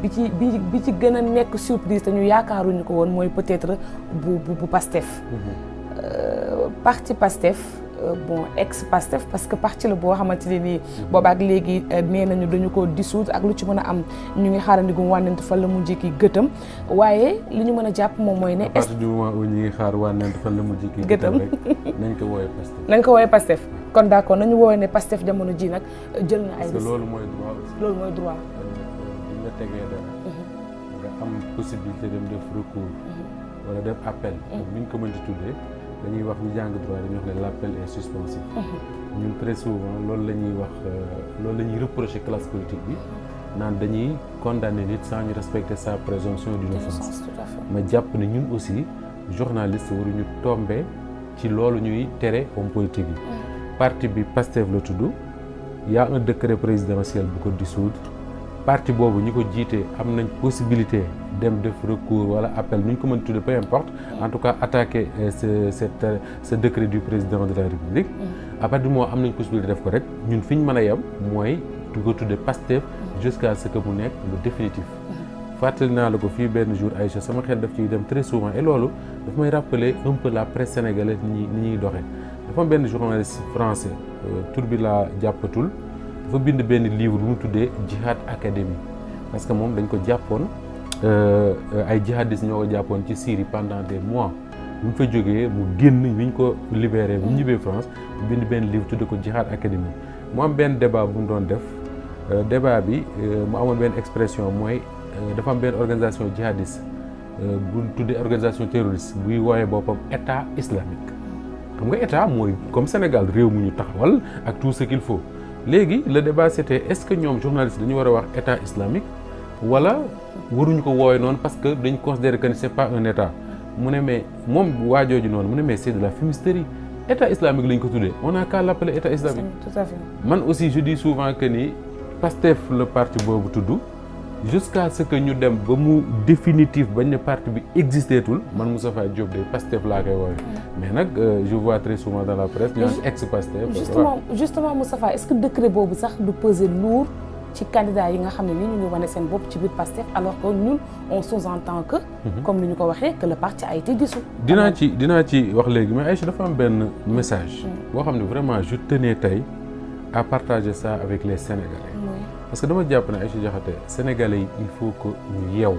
bi ci bi bi ci gën a nekk surprise te ñu yaakaaruñu ko woon mooy peut-être bu bu bu Pastef. Mhm. Euh, parti Pastef euh, bon ex Pastef parce que parti la boo xamante ne nii. Mhm. boobaak léegi euh, nee nañu dañu ko dissoudre ak lu ci mën a am ñu ngi xaarandi gu wànnent fan la mujj ki gëtam waaye li ñu mën a jàpp moom mooy ne. est partir du moment où ñu ngi xaar wànnent fan la mujj ki gëtam rek nañ ko woowee Pastef. nañ ko woowee Pastef kon d'accord nañu woowee ne Pastef jamono ji nag jël na ay. loolu mooy droit loolu mooy droit. la tegee dara mhm. nga am possibilité dem def recours mhm. wala def appel ak ni ñu ko mënti tuddee dañuy wax ñu jàng droit dañuy wax ne l' appel est suspensif mhm. ñun très souvent loolu la ñuy wax euh, loolu la ñuy reprocher classe politique bi naan dañuy condamné nit sans ñu respecter sa présomption d'innocence ma jàpp ne ñun aussi journaliste waruñu tombé ci loolu ñuy tere homme politique yi parti bi Pastef la tudd y a un décret présidentiel bu ko dissoudre parti bobu ñiko jité possibilité dem def recours appel peu importe en tout cas attaquer euh, euh, ce décret du président de la république mm. à partir du possibilité def ko jusqu'à ce que vous nekk le définitif mm. la ko jour Aïcha sama xel très souvent et daf may un peu la presse sénégalaise journaliste français euh, dafa bind benn livre bu mu Jihad Academy parce que moom dañ ko jàppoon euh, ay jihadistes ñoo ko jàppoon ci Syrie pendant des mois Nous mu fa jógee mu génn bi ñu ko libéré bu ñu France bind ben livre tuddee ko Jihad Academy mu am ben débat bu mu doon def euh, débat bi euh, mu amoon ben expression moy dafa am organisation jihadiste bu tuddee organisation terroriste bu woowee bopam état islamique xam nga état moy comme Sénégal réew mu ñu taxawal ak tout ce qu'il faut légui le débat c'était est ce que ñom journaliste dañu wara wax état islamique wala waruñ ko woy non parce que dañ considère que c'est pas un état mune mais mom wajoju non mune mais c'est de la fumisterie état islamique lañ ko tuddé on a qu'à l'appeler état islamique tout à fait man aussi je dis souvent que ni pastef le parti bobu tuddou jusqu'à ce que ñu dem ba mu définitif bañ ne parti bi existeetul man Moustapha Diop de Pastef la kay woy mais nak euh, je vois très souvent dans la presse ñu ex Pastef justement justement Moustapha est-ce que décret bobu sax du peser lourd ci candidat yi nga xam ne ni ñu ngi wane seen bopp ci biir Pastef alors que ñun on sous tant que mhm. comme ni ñu ko waxee que le parti a été dissous dinaa ci dinaa ci wax léegi mais Aïcha dafa am benn message mm. boo xam ne vraiment je tenais tey à partager ça avec les Sénégalais parce que je pense que les Sénégalais, il faut que nous ayons.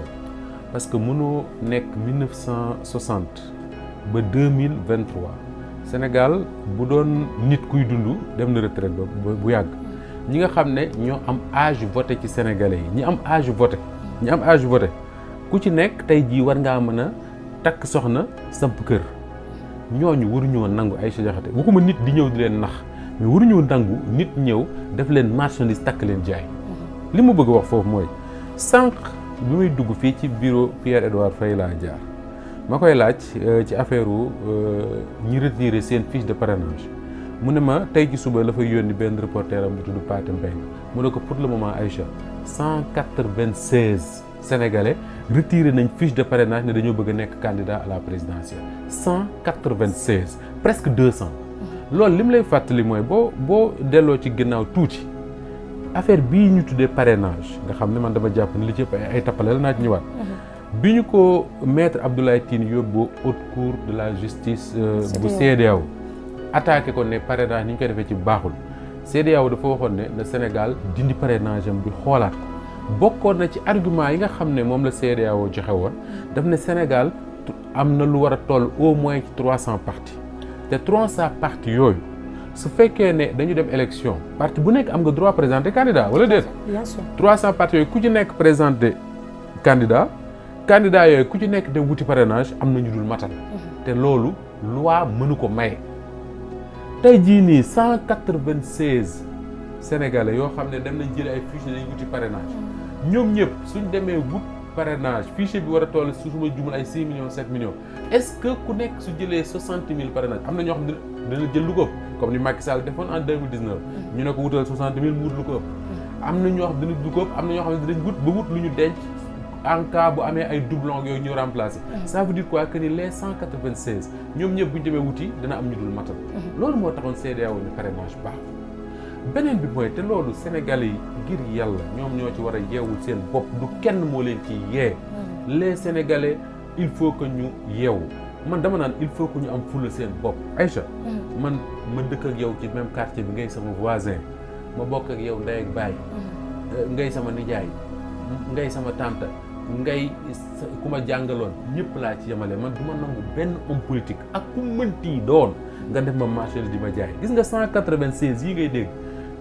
Parce que nous sommes en 1960, en 2023. Le Sénégal, si on a des gens qui ont été nous avons un âge de voter qui Sénégalais. Nous avons un âge de voter. Nous avons un âge de voter. Nous avons un âge de voter. Nous avons un âge de voter. Nous avons un âge de voter. Nous avons un âge de voter. Nous avons un âge de voter. Nous avons un un âge de voter. Nous avons un âge de voter. Nous avons un âge de voter. Nous avons un âge de voter. Nous avons un âge de voter li mu bëgg wax foofu mooy sànq bi muy dugg fii ci bureau Pierre Edouard Faye laa jaar ma koy laaj euh, ci affaire euh, ñi retiré seen fiche de parrainage mu ne ma tey ci suba la fay yónni benn reporter am bu tudd Pate Mbengue mu ne ko pour le moment Aïcha 196 sénégalais retiré nañ fiche de parrainage ne dañoo bëgg a nekk candidat à la présidentielle 196 presque 200 cent loolu li lay fàttali mooy boo boo delloo ci ginnaaw tuuti affaire bii ñu tuddee parrainage nga xamné man dama japp ni li ci ay tapalé la naa ci ñëwaat. bi ñu ko maître Abdoulaye Tine yobbo haute cour de la justice. Euh, bu CEDEAO attaqué ko né parrainage ni ñu koy défé ci baaxul. CEDEAO dafa waxoon né le Sénégal dindi parrainage am bi xoolaat ko na ci argument yi nga xamné mom la CEDEAO joxé won daf né Sénégal amna lu wara a toll au moins ci 300 cent té 300 trois cent su fekkee ne dañu dem élection parti bu nekk am nga droit présenter candidat wala déet. bien sûr 300 partis yooyu ku ci nekk présenter candidat candidat yooyu ku ci nekk dem wuti parrainage am ce ñu dul matal. Mhm. te loolu loi mënu ko maye. tey jii nii 196 sénégalais yoo xam ne dem nañ ay fiches dañuy wuti parrainage mhm. ñoom ñëpp suñ demee wut parrainage fichier bi war a toll su suma jumul ay 6 millions 7 millions est-ce que ku nekk su jëlee 60 mille parrainage am na ñoo xam ne jël lu ko. comme ni Macky Sall defoon en 2019. ñu ne ko wutal 60 000 mu wut lu ko ëpp. am na ñoo xam dinañ du ko ëpp am na ñoo xam ne dinañ wut ba wut lu ñu denc en bu amee ay doublon yooyu ñu remplacer. Mm-hmm. ça veut dire quoi que ni les 196 ñoom ñëpp bu ñu demee wuti dana am ñu dul matal. Mm-hmm. loolu moo taxoon CEDEAO ñu parrainage baax. beneen bi mooy te loolu Sénégalais yi ngir yàlla ñoom ñoo ci war a yeewul seen bopp du kenn moo leen ci yee. Mm-hmm. les Sénégalais il faut que ñu yeewu. man dama naan il faut que ñu am fulla seen bopp Aïcha mm. man ma dëkk ak yow ci même quartier bi ngay sama voisin ma bokk ak yow ndey ak baay mm. euh, ngay sama nijaay ngay sama tante ngay ku ma jàngaloon ñëpp laa ci yemale man du ma nangu benn homme politique ak ku mënti doon nga def ma marchandise di ma jaay gis nga 196 yi ngay dégg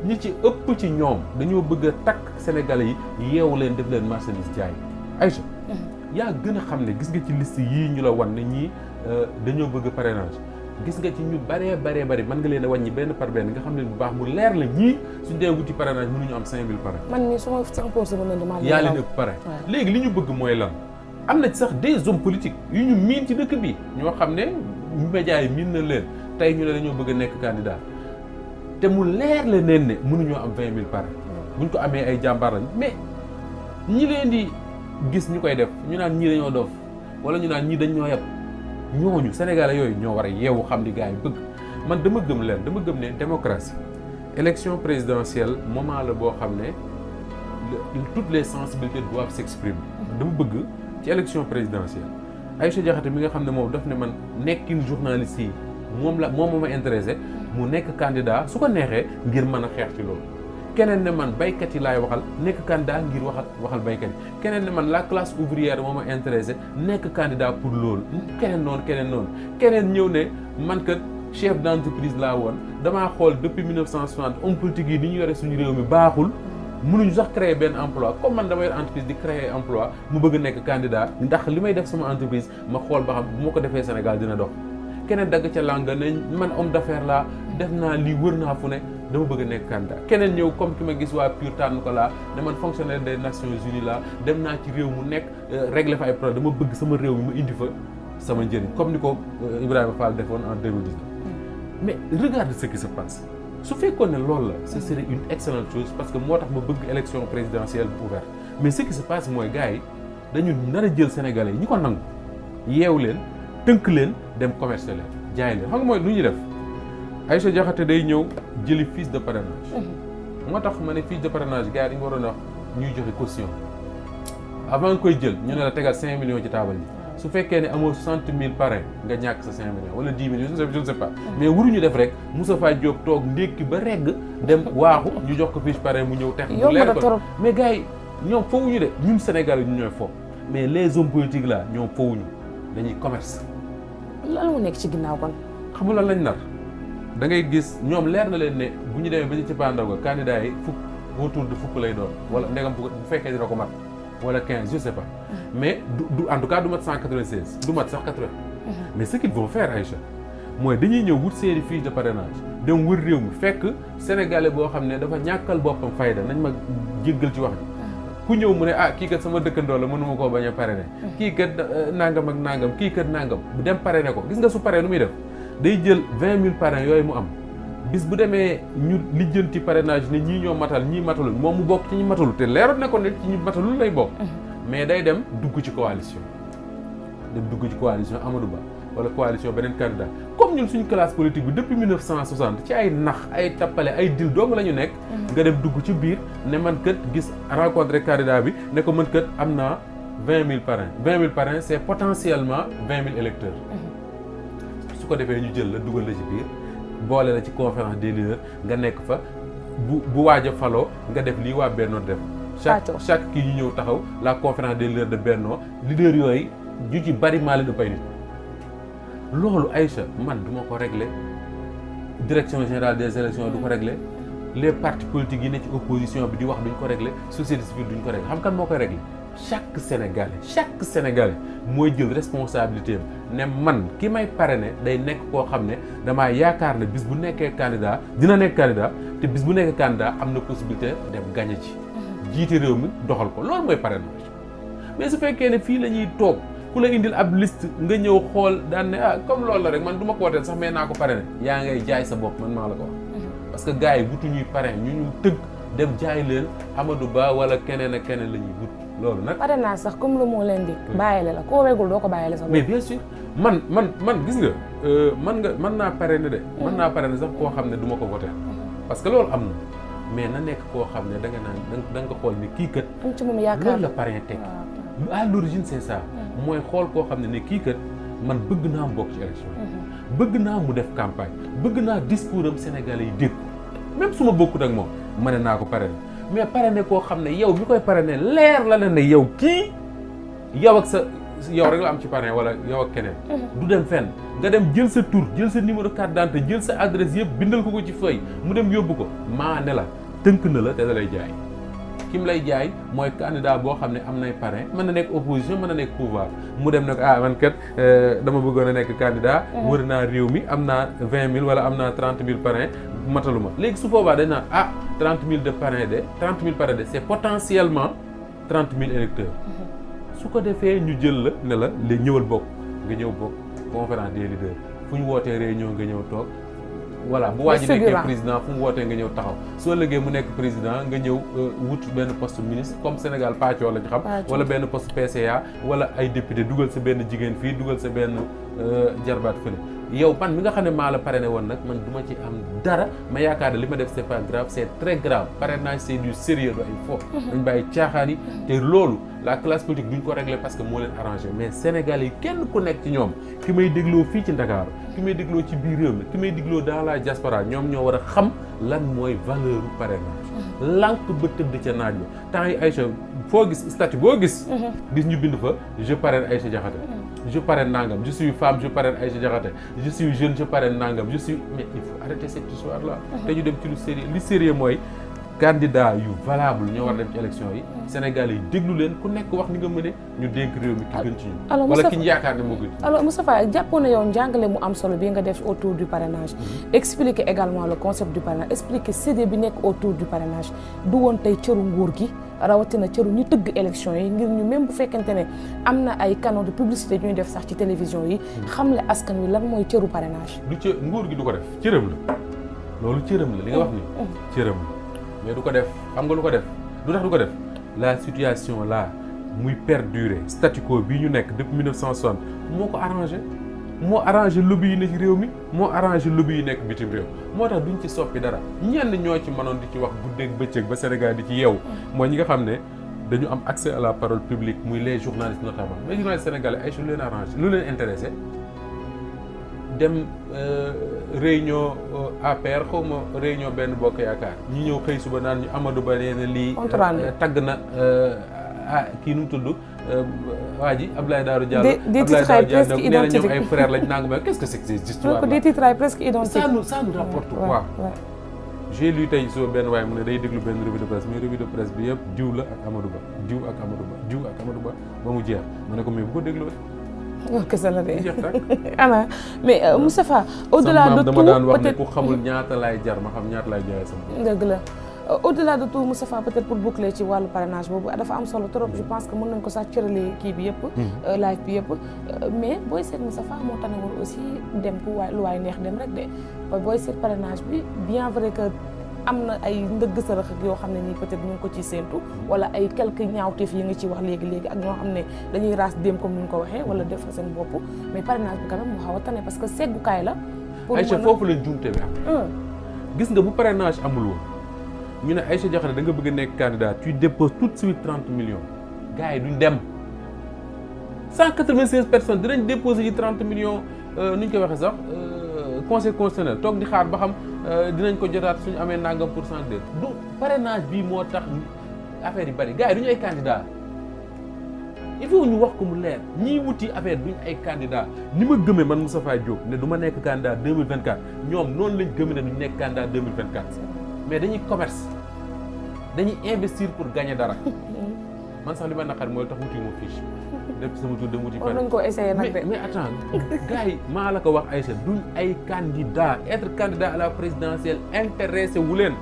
ñi ci ëpp ci ñoom dañoo bëgg a takk sénégalais yi yeewu leen def leen marchandise jaay Aïcha mm. yaa gën a xam ne gis nga ci liste yi ñu la wan ne ñii Euh, dañoo bëgg parrainage gis nga ci ñu baree baree bari mën nga leen a wàññi benn par benn nga xam ne bu baax mu leer la ñii suñ dee wuti parrainage mënuñu am 5000 parrain. man mii su ma sàmpoosee yaa leen ëpp léegi li ñu bëgg mooy lan. am na sax des hommes politiques yu ñu miin ci dëkk bi ñoo xam ne médias yi miin na leen tey ñu ne dañoo bëgg a nekk candidat te mu leer la leen ne mënuñoo am 20000 parrain. buñ ko amee ay jàmbaar lañ mais ñi leen di gis ñu koy def ñu naan ñii dañoo dof wala ñu naan ñii dañ ñoo ñooñu sénégalais yooyu ñoo war a yeewu xam ni gaa yi bëgg man dama gëm leen dama gëm ne démocratie élection présidentielle moment la boo xam ne toutes les sensibilités doivent s'exprimer dama bëgg ci élection présidentielle Aïcha Diakhaté mi nga xam ne moom daf ne man nekkin journaliste yi moom la moom ma intéressé mu nekk kandidaa su ko neexee ngir mën a xeex ci loolu keneen ne man baykat yi laay waxal nekk candidat ngir waxal waxal baykat yi keneen ne man la classe ouvrière moo ma intéressé nekk candidat pour loolu keneen noonu keneen noonu keneen ñëw ne man kat chef d' entreprise laa woon damaa xool depuis 1960 homme politique yi ni ñu yore suñu réew mi baaxul mënuñu sax créer benn emploi comme man dama yor entreprise di créer emploi mu bëgg nekk candidat ndax li may def sama entreprise ma xool ba xam bu ma ko defee Sénégal dina dox keneen dagg ca langa man homme d' affaire def naa lii wër naa fu ne dama bëgg a nekk candidat keneen ñëw comme ki ma gis waa Pur tànn ko laa ne man fonctionnaire des Nations Unies la dem naa ci réew mu nekk euh, régler fa ay problème dama bëgg sama réew mi ma indi fa sama njëriñ comme ni ko euh, Ibrahima Fall defoon en 2019 mais regarde ce qui se passe su fekkoon ne loolu la ce serait une excellente chose parce que moo tax ma bëgg élection présidentielle bu ouverte mais ce qui se passe mooy gars yi dañu nar a jël sénégalais yi ñu ko nangu yeew leen tënk leen dem commerce leen jaay leen xam nga mooy lu ñuy def Aïcha Diakhaté day ñëw jëli fils de parrainage. Mhm. moo tax ma ne fiche de parrainage gars yi dañu waroon a ñuy joxe caution avant koy jël ñu ne la tegal 5 millions ci table ji su fekkee ne amoo 60 000 parrain nga ñàkk sa 5 millions wala 10 millions je ne sais pas. Mhm. mais waruñu def rek Moussa Faye Diop toog ndékki ba regg dem waaxu ñu jox ko fiche parrain mu ñëw. tex mu leer ko mais gars yi ñoom fowuñu de ñun Sénégal ñu ñooy fo mais les hommes politiques là ñoom fowuñu dañuy commerce. lan mu nekk ci ginnaaw kon. xamul lan lañ nar. da ngay gis ñoom leer na leen ne bu ñu demee ba ñu ci cappaandaw ga candidat yi fukk autour de fukk lay doon wala ndegam bu fekkee dina ko mat wala 15 je sais mm-hmm. mais du en tout cas du mat 196 du mat sax 80 mm-hmm. mais ce qu'ils vont faire Aïcha mooy dañuy ñëw wut seeni fiche de parrainage dem wër réew mi fekk sénégalais boo xam ne dafa ñàkkal boppam fayda nañ ma jéggal ci wax ji mm-hmm. ku ñëw mu ne ah kii kat sama dëkkandoo la mënuma koo bañ a kii kat euh, nangam ak nangam kii kat nangam dem parrainer ko gis nga su paree nu muy def day jël vingt mille parrains yooyu mu am bis bu demee ñu lijjanti parrainage ne ñii ñoo matal ñii matalul moom mu bokk ci ñi matalul te leeroon na ko ne ci ñi matalul lay bokk. Mhm. mais day dem dugg ci coalition. dem dugg ci coalition Amadou Ba wala coalition beneen candidat comme ñun suñu classe politique bi depuis 1960 ci ay nax ay tappale ay dil doom la ñu nekk. Mhm. nga dem dugg ci biir ne man kat gis rencontré candidat bi ne ko man kat am naa vingt mille parrains vingt mille parrains c'est potentiellement vingt mille électeurs. Mhm. ko defee ñu jël la dugal la ci biir boole la ci conférence des leaders nga nekk fa bu bu waaj a faloo nga def lii waa Benno def. chaque chaque kii ñu ñëw taxaw la conférence des leaders de Benno leaders yooyu ju ci bari maa leen ëpp ay nit. loolu Aïcha man du ma ko regle direction générale des élections du ko régler les partis politiques yi ne ci opposition bi di wax duñ ko régler société civile duñ ko régler xam kan moo koy régler. chaque sénégalais chaque sénégalais mooy jël responsabilité am ne man ki may pare ne day nekk koo xam ne damaa yaakaar ne bis bu nekkee candidat dina nekk candidat te bis bu nekkee candidat am na possibilité dem gagné ci. jiite réew mi doxal ko loolu mooy parrainage mais su fekkee ne fii la ñuy toog ku la indil ab liste nga ñëw xool daane ne ah, comme loolu la rek man du ma ko wooteel sax mais naa ko parrainer yaa ngay jaay sa bopp man maa la ko parce que gars yi wutu ñuy parrain ñu ñu tëgg jaay leen Amadou Ba wala keneen keneen la ñuy loolu nag pare naa sax comme lu mu leen di. Hmm. bàyyile la koo wegul doo ko bàyyile sax. mais man man man gis nga euh, man nga mën naa pare ne de. mën naa pare ne sax koo xam ne duma ko voté. parce que loolu am na mais na nekk koo xam ne da nga naan da nga xool ne kii kat. ci moom yaakaar loolu la parrain teg ah, à l'origine c'est ça. Hmm. mooy xool koo xam ne ne kii kat man bëgg naa mu bokk ci élection hmm. bëgg naa mu def campagne bëgg naa discours am Sénégalais yi dégg même su ma bokkut ak moom mane naa ko pare mais ne koo xam ne yow bi koy parrainé leer la leen ne yow kii yow ak sa yow rek la am ci parrain wala yow ak keneen. Mhm. du dem fen nga dem jël sa tur jël sa numéro carte d'identité jël sa adresse yëpp bindal ko ko ci feuille mu dem yóbbu ko maa ne la tënk na la te da lay jaay. kim lay jaay mooy candidat boo xam ne am nay parrain mën na nekk opposition mën na nekk pouvoir mu dem nag ah man kat euh, dama bëggoon a nekk candidat mm-hmm. wër naa réew mi am naa vingt mille wala am naa trent mille parrain mataluma léegi su boobaa dañ naan ah trente mille de parrain de trente mille parrain de c'est potentiellement trente mille électeurs mm-hmm. su ko defee ñu jël la ne la léegi ñëwal bokk nga ñëw bokk conférence des leaders fu ñu wootee réunion nga ñëw toog voilà bu waa ji nekkee président fu mu wootee nga ñëw taxaw soo lëggee mu nekk président nga ñëw euh, wut benn poste ministre comme Sénégal pàccoo lañ xam wala benn post PCA wala ay député dugal sa benn jigéen fii dugal sa benn euh, jarbaat fële yow pan mi nga xam ne maa la parrainé woon nag man duma ci am dara ma yaakaar ne li ma def c'est pas grave c'est très grave parrainage c'est du sérieux du ay fo dañ bàyyi caaxaan yi te loolu la classe politique duñ ko régler parce que moo leen mais Sénégalais yi kenn ku nekk ci ñoom ki may dégloo fii ci Dakar ki may dégloo ci biir réew mi ki may dégloo dans la diaspora ñoom ñoo war a xam lan mooy valeur parrainage mm-hmm. lànk ba tëdd ca naaj ba temps yi Aïcha foo gis statut boo gis mm-hmm. gis ñu bind fa je parraine Aïcha Diakhaté mm-hmm. je parraine Nangam, je suis femme, je parraine Aïcha je suis jeune, je parraine Nangam, je suis. Mais il faut arrêter cette histoire-là. Nous devons le sérieux. Les sérieux, moi, candidat yu valable ñoo war dem ci élection yi mhm. Sénégalais yi déglu leen ku nekk wax ni nga mëne ñu dénk réew mi ki gën ci ñun ah, wala ki ñu yaakaar alors Moustapha jàppoon na yow njàngale mu am solo bi nga def autour du parrainage mhm. expliquer également le concept du parrainage expliquer CD bi autour du parrainage du woon tey cëru nguur gi rawatina cëru ñu tëgg élection yi ngir ñu même bu fekkente ne am na ay canaux de publicité ñuy def sax ci télévision yi hmm. xam askan wi lan mooy cëru parrainage lu cë nguur gi du ko def cëram la loolu cëram la li nga wax ni hmm. cëram la mais du ko def xam nga lu ko def du tax du ko def la situation là muy perdurer statu quo bii ñu nekk depuis 1960 moo ko arrangé moo arrangé lobby yi nekk réew mi moo lu lobby yi nekk bitim réew moo tax duñ ci soppi dara ñenn ñoo ci mënoon di ci wax guddeeg bëccëg ba Sénégal di ci yeewu. Mm. mooy ñi nga xam ne dañu am accès à la parole publique muy les journalistes notamment mais journalistes sénégalais ay lu leen arrangé lu leen intéressé dem euh, réunion euh, APR xaw ma réunion benn bokk yaakaar ñi ñëw xëy suba naan ñu Amadou Ba nee na lii. Euh, tagg na. ah kii nu mu tudd euh, waa ji Abdoulaye Daouda Diallo. des titres presque identiques Abdoulaye Daouda Diallo nee na ñoom ay frères lañ nangam mais qu'est-ce que c'est que ces histoires là. des titres tey soo benn waaye mu ne day déglu benn revue de presse mais revue de presse bi yëpp diw la ak Amadou Ba diw ak Amadou Ba diw ak Amadou Ba ba mu jeex mu ne ko mais bu ko dégloo waaw kese oh, la euh, de ana mais Moustapha au delà de tout dama daan wax ne ku xamul ñaata laay jar ma xam ñaata laay jaayee sama dëgg Euh, au-delà de tout Moustapha peut-être pour boucler ci wàllu parrainage boobu dafa am solo trop je pense que mën nañ ko sax cëralee kii bi yëpp mhm. euh, live bi yëpp euh, mais booy seet Moustapha moo tanewoon aussi dem pour waay lu waay neex dem rek de booy seet parrainage bi bien vrai que amna ay ndëgg sërëx yoo xam ne nii peut-être ñu ngi ko ci séentu mhm. wala ay quelque ñaawteef yi nga ci wax léegi-léegi ak ñoo xam ne dañuy raas dem comme ni ñu ko waxee wala def seen bopp mais parrainage bi quand même mu xaw a tane parce que seggukaay la ay Aïcha foofu la juumte bi am hum. gis nga bu parrainage amul woon ñu ne Aïssa Diakhaté da nga bëgg nekk candidat tu déposes tout de suite 30 millions gars yi duñ dem 196 personnes dinañ déposer ci 30 millions euh, nu ñu koy waxee sax euh, conseil constitutionnel toog di xaar ba xam euh, dinañ ko jotaat suñu amee nangam pour cent du parrainage bii moo tax affaire yi bari gars yi duñu ay candidat il faut ñu wax ko mu leer ñiy wuti affaire duñ ay candidat ni ma gëmee man Moustapha Diop ne du ma nekk candidat 2024 ñoom noonu lañ gëmee ne duñ nekk candidat 2024 mais dañuy commerce dañuy investir pour gagner dara hmm. man sax li ma naqar mooy tax wuti mu fiche depuis sama tour de wuti fan nañ ko essayer nak mais mais attends gars ma la ko wax ay sa duñ ay candidat être candidat à la présidentielle intéressé wu len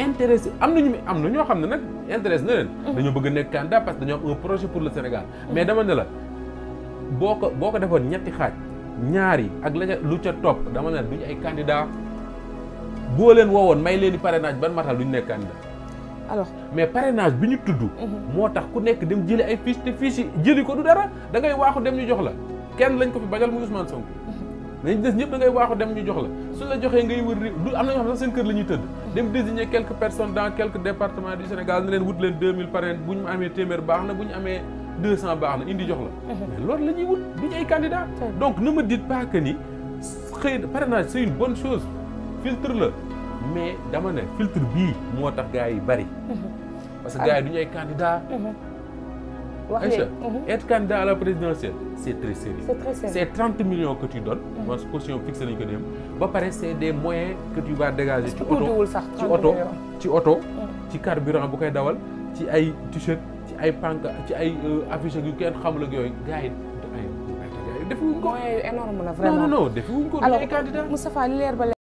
intéressé am nañu am nañu xamné nak intéressé len hmm. dañu bëgg nek candidat parce dañu un projet pour le Sénégal mais dama ne la boko boko defone ñetti xaj ñaari ak lu ca top dama ne duñ ay candidat boo leen woowoon may leen di parrainage ban matal duñ nekk candidat alors mais parrainage biñu ñu tudd. Mhm. moo ku nekk dem jëli ay fiches te fiches jëli ko du dara da ngay waxu dem ñu jox la kenn lañ ko fi bañal mu Ousmane Sonko. Mhm. lañ dess ñëpp da ngay waxu dem ñu jox la su la joxé ngay wër du am na xam sax seen kër lañuy ñuy mhm. dem désigner quelques personnes dans quelques départements du Sénégal na leen wut leen 2000 parrain bu ñu amee téeméer baax na bu 200 baxna indi jox la. mais lool lañuy wut duñ ay candidats. donc ne me dites pas que ni parrainage c'est une bonne chose. filtre la mais dama ne filtre bii moo tax gars yi bari. parce que gars yi du ñu ay candidats. Mhm. wax Aïcha mhm. être candidat la présidentielle c' est très sérieux. c' est très sérieux c' est 30 millions que tu donnes. Mhm. mooy su caution fixe nañu ko dem. ba pare c' est des moyens que tu dégager. ci oto ci oto ci oto. ci carburant bu koy dawal ci ay t-shirt ci ay panc ci ay euh, affiche yu kenn xamul yooyu gars yi defuñu ko. moyens yu énorme la vraiment non non defuñu ko. alors Moustapha leer ba